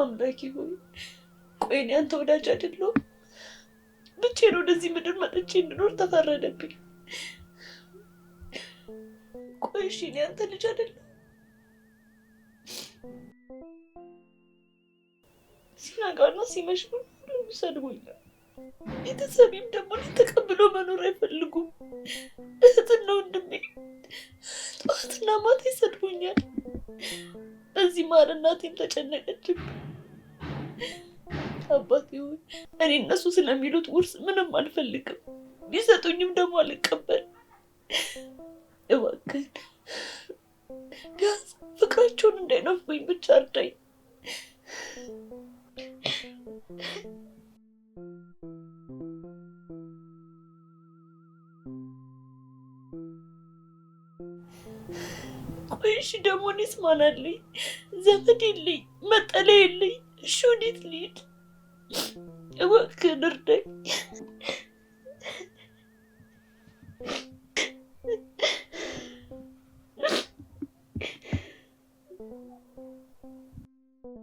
አምላኪ ሆይ ቆይ እኔ አንተ ወዳጅ አይደለሁም። ብቻዬን ወደዚህ ምድር መጥቼ እንድኖር ተፈረደብኝ። ቆይ እሺ እኔ አንተ ልጅ አይደለሁም። ሲነጋና ሲመሽ ይሰድቡኛል። ቤተሰቤም ደግሞ ተቀብሎ መኖር አይፈልጉም። እህትና ወንድሜ ጠዋትና ማታ ይሰድቡኛል። በዚህ ማር እናቴም ተጨነቀች አባቴ ሆይ እኔ እነሱ ስለሚሉት ውርስ ምንም አልፈልግም፣ ቢሰጡኝም ደግሞ አልቀበል። እባክህን ቢያንስ ፍቅራቸውን እንዳይነፉኝ ብቻ እርዳኝ። እሺ ደግሞ እኔስ ማን አለኝ? ዘመድ የለኝ፣ መጠለያ የለኝ። እሺ ወዴት ልሂድ? እባክህን እርዳኝ።